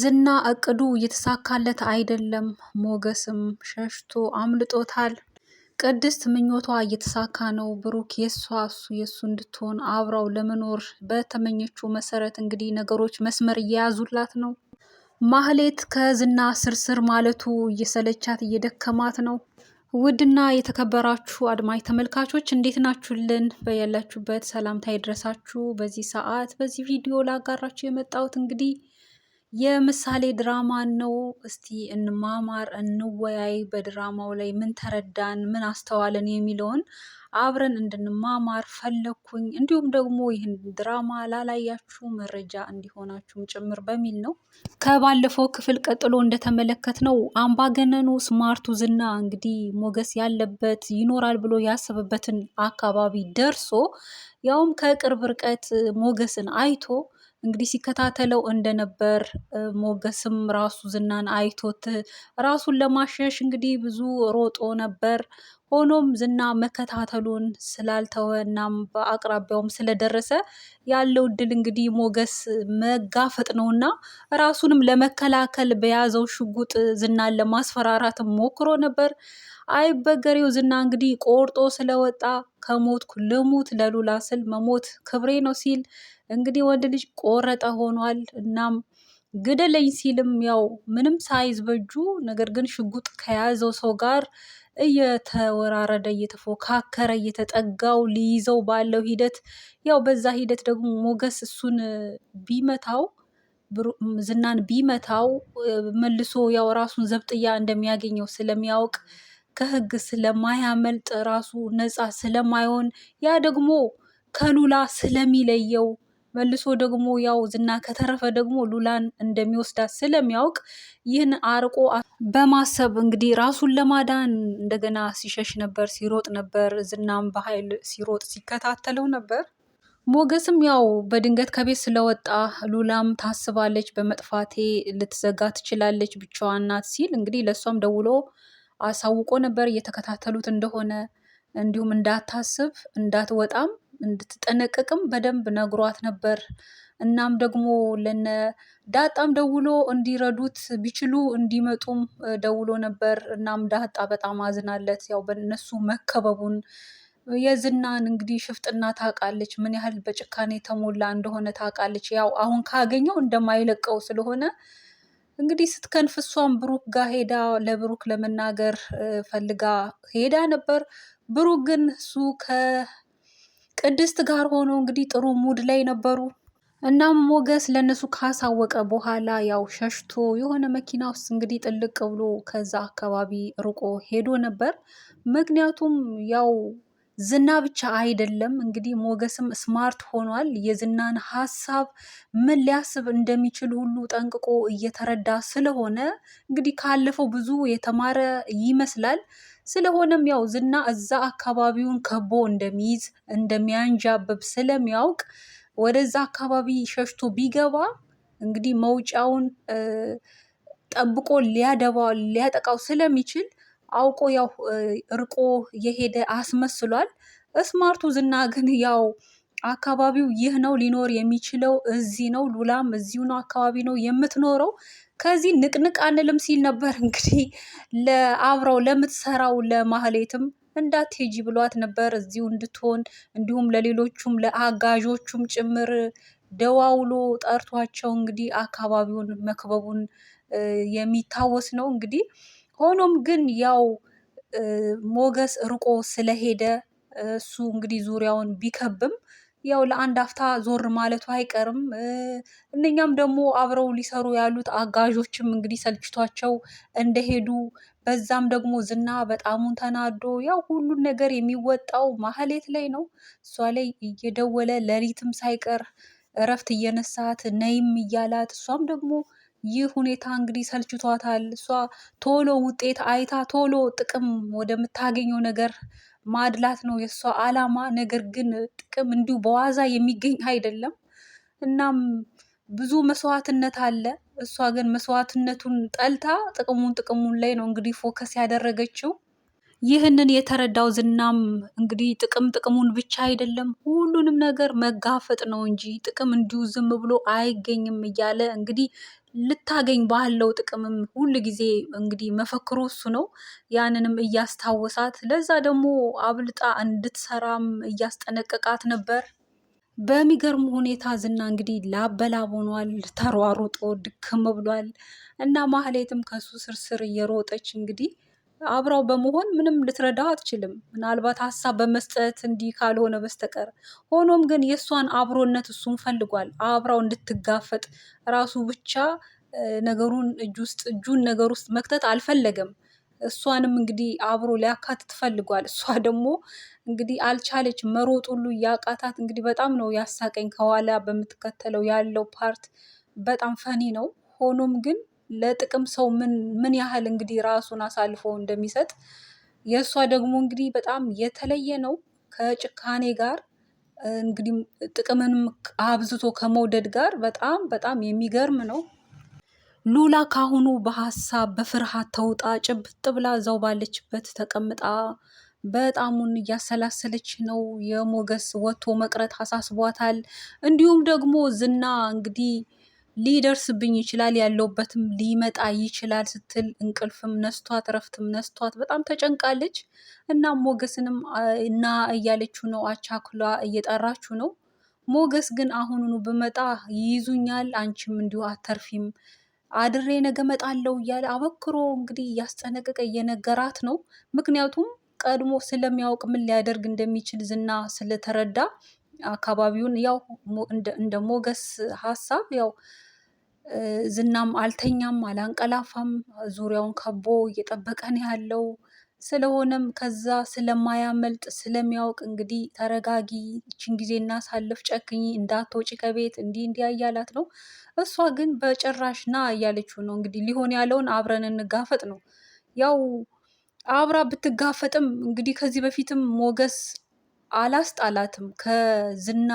ዝና እቅዱ እየተሳካለት አይደለም። ሞገስም ሸሽቶ አምልጦታል። ቅድስት ምኞቷ እየተሳካ ነው። ብሩክ የሷ እሱ የእሱ እንድትሆን አብረው ለመኖር በተመኘችው መሰረት እንግዲህ ነገሮች መስመር እየያዙላት ነው። ማህሌት ከዝና ስርስር ማለቱ እየሰለቻት እየደከማት ነው። ውድና የተከበራችሁ አድማጭ ተመልካቾች እንዴት ናችሁልን? በያላችሁበት ሰላምታ ይድረሳችሁ። በዚህ ሰዓት በዚህ ቪዲዮ ላጋራችሁ የመጣሁት እንግዲህ የምሳሌ ድራማን ነው። እስቲ እንማማር፣ እንወያይ፣ በድራማው ላይ ምን ተረዳን፣ ምን አስተዋለን የሚለውን አብረን እንድንማማር ፈለግኩኝ። እንዲሁም ደግሞ ይህን ድራማ ላላያችሁ መረጃ እንዲሆናችሁም ጭምር በሚል ነው። ከባለፈው ክፍል ቀጥሎ እንደተመለከት ነው አምባገነኑ ስማርቱ ዝና እንግዲህ ሞገስ ያለበት ይኖራል ብሎ ያሰበበትን አካባቢ ደርሶ ያውም ከቅርብ ርቀት ሞገስን አይቶ እንግዲህ ሲከታተለው እንደነበር ሞገስም ራሱ ዝናን አይቶት ራሱን ለማሸሽ እንግዲህ ብዙ ሮጦ ነበር። ሆኖም ዝና መከታተሉን ስላልተወ እናም በአቅራቢያውም ስለደረሰ ያለው እድል እንግዲህ ሞገስ መጋፈጥ ነውና ራሱንም ለመከላከል በያዘው ሽጉጥ ዝናን ለማስፈራራት ሞክሮ ነበር። አይበገሬው ዝና እንግዲህ ቆርጦ ስለወጣ ከሞትኩ ልሙት ለሉላ ስል መሞት ክብሬ ነው ሲል እንግዲህ ወንድ ልጅ ቆረጠ ሆኗል። እናም ግደለኝ ሲልም ያው ምንም ሳይዝ በእጁ ነገር ግን ሽጉጥ ከያዘው ሰው ጋር እየተወራረደ እየተፎካከረ እየተጠጋው ሊይዘው ባለው ሂደት ያው በዛ ሂደት ደግሞ ሞገስ እሱን ቢመታው ዝናን ቢመታው መልሶ ያው ራሱን ዘብጥያ እንደሚያገኘው ስለሚያውቅ ከህግ ስለማያመልጥ ራሱ ነፃ ስለማይሆን ያ ደግሞ ከሉላ ስለሚለየው መልሶ ደግሞ ያው ዝና ከተረፈ ደግሞ ሉላን እንደሚወስዳት ስለሚያውቅ ይህን አርቆ በማሰብ እንግዲህ ራሱን ለማዳን እንደገና ሲሸሽ ነበር፣ ሲሮጥ ነበር። ዝናም በኃይል ሲሮጥ ሲከታተለው ነበር። ሞገስም ያው በድንገት ከቤት ስለወጣ ሉላም ታስባለች፣ በመጥፋቴ ልትዘጋ ትችላለች፣ ብቻዋን ናት ሲል እንግዲህ ለእሷም ደውሎ አሳውቆ ነበር እየተከታተሉት እንደሆነ እንዲሁም እንዳታስብ እንዳትወጣም እንድትጠነቀቅም በደንብ ነግሯት ነበር። እናም ደግሞ ለነ ዳጣም ደውሎ እንዲረዱት ቢችሉ እንዲመጡም ደውሎ ነበር። እናም ዳጣ በጣም አዝናለት ያው በነሱ መከበቡን የዝናን እንግዲህ ሽፍጥና ታውቃለች፣ ምን ያህል በጭካኔ ተሞላ እንደሆነ ታውቃለች። ያው አሁን ካገኘው እንደማይለቀው ስለሆነ እንግዲህ ስትከንፍ ብሩክ ጋር ሄዳ ለብሩክ ለመናገር ፈልጋ ሄዳ ነበር። ብሩክ ግን እሱ ከ ቅድስት ጋር ሆኖ እንግዲህ ጥሩ ሙድ ላይ ነበሩ። እናም ሞገስ ለእነሱ ካሳወቀ በኋላ ያው ሸሽቶ የሆነ መኪና ውስጥ እንግዲህ ጥልቅ ብሎ ከዛ አካባቢ ርቆ ሄዶ ነበር። ምክንያቱም ያው ዝና ብቻ አይደለም እንግዲህ ሞገስም ስማርት ሆኗል። የዝናን ሀሳብ ምን ሊያስብ እንደሚችል ሁሉ ጠንቅቆ እየተረዳ ስለሆነ እንግዲህ ካለፈው ብዙ የተማረ ይመስላል። ስለሆነም ያው ዝና እዛ አካባቢውን ከቦ እንደሚይዝ እንደሚያንዣብብ ስለሚያውቅ ወደዛ አካባቢ ሸሽቶ ቢገባ እንግዲህ መውጫውን ጠብቆ ሊያደባ ሊያጠቃው ስለሚችል አውቆ ያው እርቆ የሄደ አስመስሏል። ስማርቱ ዝና ግን ያው አካባቢው ይህ ነው፣ ሊኖር የሚችለው እዚህ ነው፣ ሉላም እዚሁ ነው አካባቢ ነው የምትኖረው፣ ከዚህ ንቅንቅ አንልም ሲል ነበር። እንግዲህ ለአብረው ለምትሰራው ለማህሌትም እንዳትሄጂ ብሏት ነበር እዚሁ እንድትሆን እንዲሁም ለሌሎቹም ለአጋዦቹም ጭምር ደዋውሎ ጠርቷቸው እንግዲህ አካባቢውን መክበቡን የሚታወስ ነው። እንግዲህ ሆኖም ግን ያው ሞገስ ርቆ ስለሄደ እሱ እንግዲህ ዙሪያውን ቢከብም ያው ለአንድ አፍታ ዞር ማለቱ አይቀርም። እነኛም ደግሞ አብረው ሊሰሩ ያሉት አጋዦችም እንግዲህ ሰልችቷቸው እንደሄዱ በዛም ደግሞ ዝና በጣሙን ተናዶ ያው ሁሉን ነገር የሚወጣው ማህሌት ላይ ነው። እሷ ላይ እየደወለ ለሊትም ሳይቀር እረፍት እየነሳት ነይም እያላት እሷም ደግሞ ይህ ሁኔታ እንግዲህ ሰልችቷታል። እሷ ቶሎ ውጤት አይታ ቶሎ ጥቅም ወደምታገኘው ነገር ማድላት ነው የእሷ አላማ። ነገር ግን ጥቅም እንዲሁ በዋዛ የሚገኝ አይደለም። እናም ብዙ መስዋዕትነት አለ። እሷ ግን መስዋዕትነቱን ጠልታ ጥቅሙን ጥቅሙን ላይ ነው እንግዲህ ፎከስ ያደረገችው። ይህንን የተረዳው ዝናም እንግዲህ ጥቅም ጥቅሙን ብቻ አይደለም ሁሉንም ነገር መጋፈጥ ነው እንጂ ጥቅም እንዲሁ ዝም ብሎ አይገኝም እያለ እንግዲህ ልታገኝ ባለው ጥቅምም ሁል ጊዜ እንግዲህ መፈክሩ እሱ ነው። ያንንም እያስታወሳት ለዛ ደግሞ አብልጣ እንድትሰራም እያስጠነቀቃት ነበር። በሚገርም ሁኔታ ዝና እንግዲህ ላበላብ ሆኗል። ተሯሩጦ ድክም ብሏል እና ማህሌትም ከሱ ስርስር እየሮጠች እንግዲህ አብራው በመሆን ምንም ልትረዳ አትችልም። ምናልባት ሀሳብ በመስጠት እንዲህ ካልሆነ በስተቀር ሆኖም ግን የእሷን አብሮነት እሱም ፈልጓል። አብራው እንድትጋፈጥ ራሱ ብቻ ነገሩን እጅ ውስጥ እጁን ነገር ውስጥ መክተት አልፈለገም። እሷንም እንግዲህ አብሮ ሊያካትት ፈልጓል። እሷ ደግሞ እንግዲህ አልቻለች፣ መሮጥ ሁሉ ያቃታት። እንግዲህ በጣም ነው ያሳቀኝ። ከኋላ በምትከተለው ያለው ፓርት በጣም ፈኒ ነው። ሆኖም ግን ለጥቅም ሰው ምን ምን ያህል እንግዲህ ራሱን አሳልፎ እንደሚሰጥ የእሷ ደግሞ እንግዲህ በጣም የተለየ ነው። ከጭካኔ ጋር እንግዲህ ጥቅምንም አብዝቶ ከመውደድ ጋር በጣም በጣም የሚገርም ነው። ሉላ ካሁኑ በሀሳብ በፍርሃት ተውጣ ጭብጥ ብላ እዛው ባለችበት ተቀምጣ በጣሙን እያሰላሰለች ነው። የሞገስ ወጥቶ መቅረት አሳስቧታል። እንዲሁም ደግሞ ዝና እንግዲህ ሊደርስብኝ ይችላል ያለውበትም ሊመጣ ይችላል ስትል እንቅልፍም ነስቷት እረፍትም ነስቷት በጣም ተጨንቃለች። እናም ሞገስንም እና እያለችው ነው፣ አቻክሏ እየጠራችው ነው። ሞገስ ግን አሁኑኑ ብመጣ ይይዙኛል፣ አንቺም እንዲሁ አተርፊም፣ አድሬ ነገ መጣለው እያለ አበክሮ እንግዲህ እያስጠነቀቀ እየነገራት ነው። ምክንያቱም ቀድሞ ስለሚያውቅ ምን ሊያደርግ እንደሚችል ዝና ስለተረዳ አካባቢውን ያው እንደ ሞገስ ሀሳብ ያው ዝናም አልተኛም አላንቀላፋም፣ ዙሪያውን ከቦ እየጠበቀን ያለው። ስለሆነም ከዛ ስለማያመልጥ ስለሚያውቅ እንግዲህ ተረጋጊ፣ ይችን ጊዜ እናሳልፍ፣ ጨክኝ፣ እንዳትወጪ ከቤት እንዲህ እንዲያ እያላት ነው። እሷ ግን በጭራሽ ና እያለችው ነው። እንግዲህ ሊሆን ያለውን አብረን እንጋፈጥ ነው ያው አብራ ብትጋፈጥም እንግዲህ ከዚህ በፊትም ሞገስ አላስጣላትም ከዝና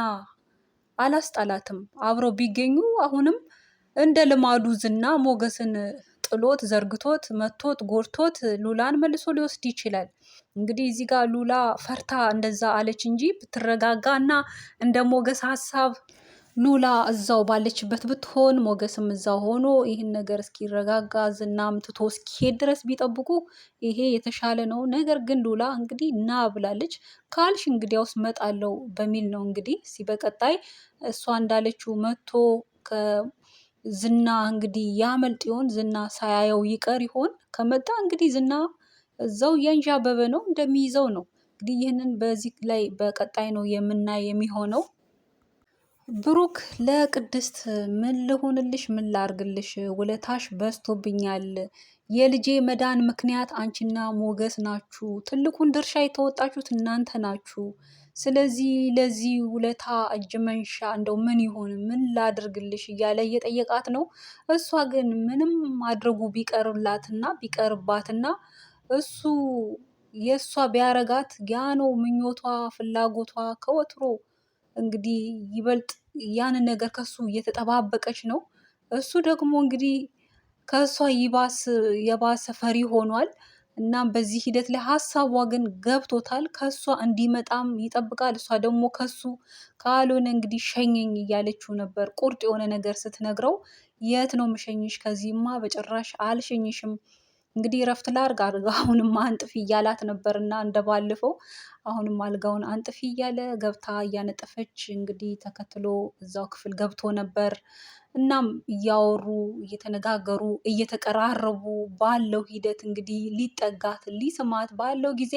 አላስጣላትም። አብረው ቢገኙ አሁንም እንደ ልማዱ ዝና ሞገስን ጥሎት ዘርግቶት መቶት ጎርቶት ሉላን መልሶ ሊወስድ ይችላል። እንግዲህ እዚህ ጋር ሉላ ፈርታ እንደዛ አለች እንጂ ብትረጋጋ እና እንደ ሞገስ ሀሳብ ሉላ እዛው ባለችበት ብትሆን ሞገስም እዛው ሆኖ ይህን ነገር እስኪረጋጋ ዝናም ትቶ እስኪሄድ ድረስ ቢጠብቁ ይሄ የተሻለ ነው። ነገር ግን ሉላ እንግዲህ ና ብላለች። ካልሽ እንግዲያውስ መጣለው በሚል ነው እንግዲህ እስኪ በቀጣይ እሷ እንዳለችው መቶ ከዝና እንግዲህ ያመልጥ ይሆን? ዝና ሳያየው ይቀር ይሆን? ከመጣ እንግዲህ ዝና እዛው እያንዣበበ ነው እንደሚይዘው ነው እንግዲህ ይህንን በዚህ ላይ በቀጣይ ነው የምናይ የሚሆነው። ብሩክ ለቅድስት ምን ልሁንልሽ፣ ምን ላርግልሽ፣ ውለታሽ በዝቶብኛል። የልጄ መዳን ምክንያት አንቺና ሞገስ ናችሁ። ትልቁን ድርሻ የተወጣችሁት እናንተ ናችሁ። ስለዚህ ለዚህ ውለታ እጅ መንሻ እንደው ምን ይሆን ምን ላድርግልሽ እያለ እየጠየቃት ነው። እሷ ግን ምንም አድርጉ ቢቀርላትና ቢቀርባትና እሱ የእሷ ቢያረጋት ያ ነው ምኞቷ፣ ፍላጎቷ ከወትሮ እንግዲህ ይበልጥ ያንን ነገር ከሱ እየተጠባበቀች ነው። እሱ ደግሞ እንግዲህ ከእሷ ይባስ የባሰ ፈሪ ሆኗል። እናም በዚህ ሂደት ላይ ሀሳቧ ግን ገብቶታል። ከእሷ እንዲመጣም ይጠብቃል። እሷ ደግሞ ከሱ ካልሆነ እንግዲህ ሸኘኝ እያለችው ነበር። ቁርጥ የሆነ ነገር ስትነግረው የት ነው ምሸኝሽ? ከዚህማ በጭራሽ አልሸኝሽም እንግዲህ እረፍት ላርግ አርጋ አሁንም አንጥፊ እያላት ነበርና እንደባለፈው አሁንም አልጋውን አንጥፊ እያለ ገብታ እያነጠፈች እንግዲህ ተከትሎ እዛው ክፍል ገብቶ ነበር። እናም እያወሩ እየተነጋገሩ እየተቀራረቡ ባለው ሂደት እንግዲህ ሊጠጋት ሊስማት ባለው ጊዜ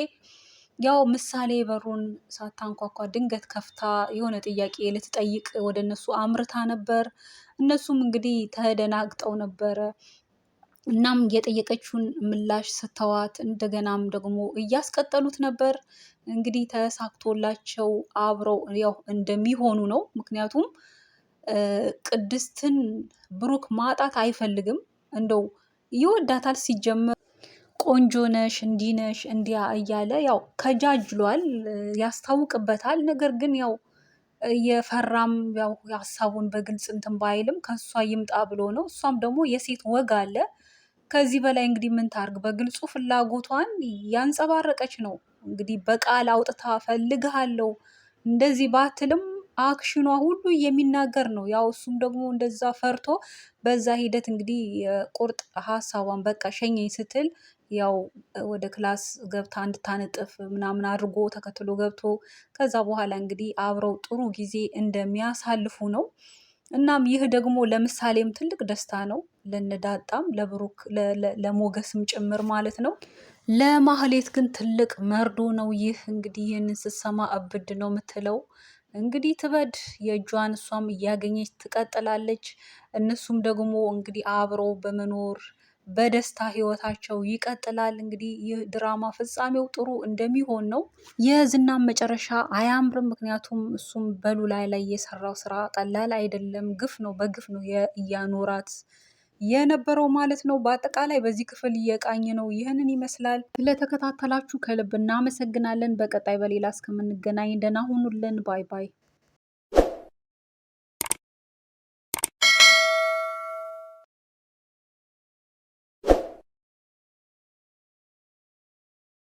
ያው ምሳሌ በሩን ሳታንኳኳ ድንገት ከፍታ የሆነ ጥያቄ ልትጠይቅ ወደ እነሱ አምርታ ነበር። እነሱም እንግዲህ ተደናግጠው ነበረ። እናም የጠየቀችውን ምላሽ ስተዋት እንደገናም ደግሞ እያስቀጠሉት ነበር። እንግዲህ ተሳክቶላቸው አብረው ያው እንደሚሆኑ ነው። ምክንያቱም ቅድስትን ብሩክ ማጣት አይፈልግም። እንደው ይወዳታል ሲጀመር ቆንጆ ነሽ እንዲህ ነሽ እንዲያ እያለ ያው ከጃጅሏል፣ ያስታውቅበታል። ነገር ግን ያው የፈራም ያው ሀሳቡን በግልጽ እንትን ባይልም ከእሷ ይምጣ ብሎ ነው። እሷም ደግሞ የሴት ወግ አለ ከዚህ በላይ እንግዲህ ምን ታርግ? በግልጹ ፍላጎቷን ያንጸባረቀች ነው እንግዲህ በቃል አውጥታ ፈልግሃለው እንደዚህ ባትልም አክሽኗ ሁሉ የሚናገር ነው። ያው እሱም ደግሞ እንደዛ ፈርቶ በዛ ሂደት እንግዲህ የቁርጥ ሀሳቧን በቃ ሸኘኝ ስትል ያው ወደ ክላስ ገብታ እንድታነጥፍ ምናምን አድርጎ ተከትሎ ገብቶ ከዛ በኋላ እንግዲህ አብረው ጥሩ ጊዜ እንደሚያሳልፉ ነው እናም ይህ ደግሞ ለምሳሌም ትልቅ ደስታ ነው፣ ለነዳጣም ለብሩክ ለሞገስም ጭምር ማለት ነው። ለማህሌት ግን ትልቅ መርዶ ነው። ይህ እንግዲህ ይህንን ስትሰማ እብድ ነው የምትለው። እንግዲህ ትበድ የእጇን እሷም እያገኘች ትቀጥላለች። እነሱም ደግሞ እንግዲህ አብረው በመኖር በደስታ ህይወታቸው ይቀጥላል። እንግዲህ ይህ ድራማ ፍጻሜው ጥሩ እንደሚሆን ነው። የዝናም መጨረሻ አያምርም። ምክንያቱም እሱም በሉላይ ላይ የሰራው ስራ ቀላል አይደለም። ግፍ ነው፣ በግፍ ነው እያኖራት የነበረው ማለት ነው። በአጠቃላይ በዚህ ክፍል እየቃኝ ነው ይህንን ይመስላል። ስለተከታተላችሁ ከልብ እናመሰግናለን። በቀጣይ በሌላ እስከምንገናኝ ደህና ሁኑልን። ባይ ባይ።